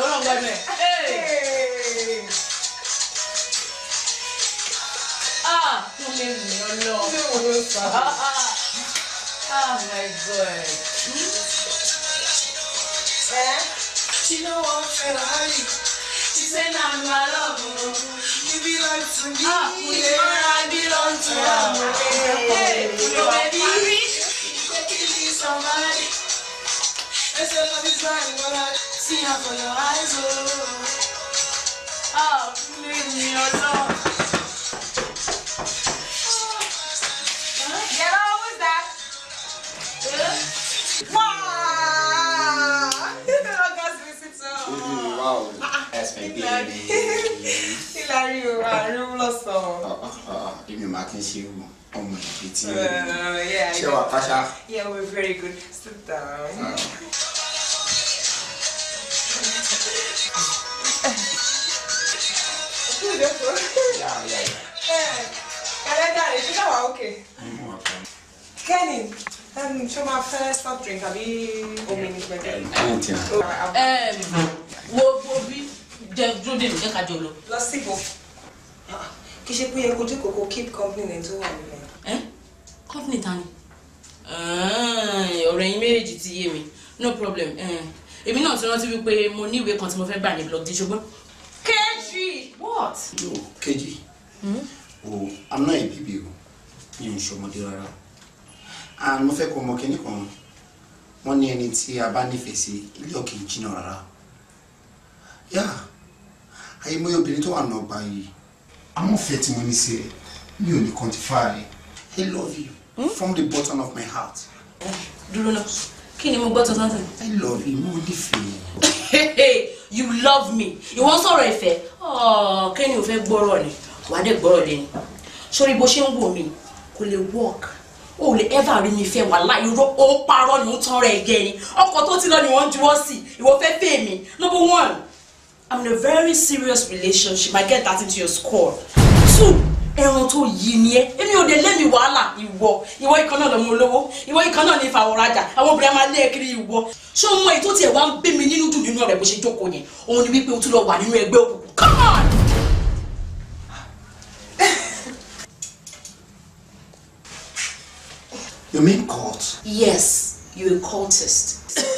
ah mo lè rìn ọ lọ. ah my god. She ¿Eh? know I'm Ferrari. She say na my love, you belong to me. Ah, I belong to her. Ah. Hey, baby, somebody. I say love is blind, but I. See her for your eyes, oh. Ah, please, me, oh, no. Uh-uh. Hilary o, àrùn lọ́sàn-án. Èmi ò máa kí n ṣe irú ọmọ Yeah, we're very good. Sit down. Uh. ko. Ẹlẹ́dàá ṣé káwa òkè. Kẹ́ni ṣé o máa fẹ́ soft drink àbí omi ní pẹ̀lú? Wo wo bí jẹ dúró dè mí jẹ́ ká jọ lọ. Lọ síbò. Ah, kì í ṣe pé ẹkùn tí kòkó keep company ní tó wà nílẹ̀. Eh? Company ta ni? Eh, Ọ̀rẹ́ yín méjèèjì ti yé mi. No problem. Eh, èmi náà ti rántí wípé mo ní ìwé kan tí mo fẹ́ gbà ní blog di ṣùgbọ́n what? no kejì Oh, i'm not a baby o mi ò ṣọmọdé and mo fẹ́ kó ọmọ kìíní kan wọ́n ní ẹni tí a bá nífẹ̀ẹ́ sí ilé ọ̀kì jìnnà rárá yá àyèmọ́ obìnrin tó wà ní ọgbà yìí amọ̀fẹ́ tí mo ní sí ẹ quantify i love you hmm? from the bottom of my heart. Do you know? kí ni mo gbọ́ tuntun sí. I love you mo di fèé. you love me ìwọ ń sọ̀rọ̀ ìfẹ́ oh, kí ni o fẹ́ gbọ́rọ̀ ni wàá dẹ̀ gbọ́rọ̀ dẹ̀ ni sórí bó ṣe ń wò mí kò lè work o lè ever rí mi fẹ́ wàhálà irọ́ ó parọ́ ni ó tán rẹ̀ gẹ́ ni ọkọ̀ tó ti lọ ni wọ́n ń juwọ́ sí ìwọ fẹ́ fẹ́ mi number one I'm in a very serious relationship I get that into your score two ẹran tó yí ni ẹ èmi ò dé lẹ́mi wàhálà ìwọ ìwọ ìkan náà lọ́mọ olówó ìwọ ìkan náà ní ìfàwọ̀rajà àwọn obìnrin máa lé kiri ìwọ ṣé o ètò tiẹ̀ wá ń bí mi nínú dùn nínú ọ̀rẹ́ bó ṣe jókòó yẹn òun ni wípé o tún lọ wà nínú ẹgbẹ́ òkùnkùn come on. you mean cult. yes you a cultist.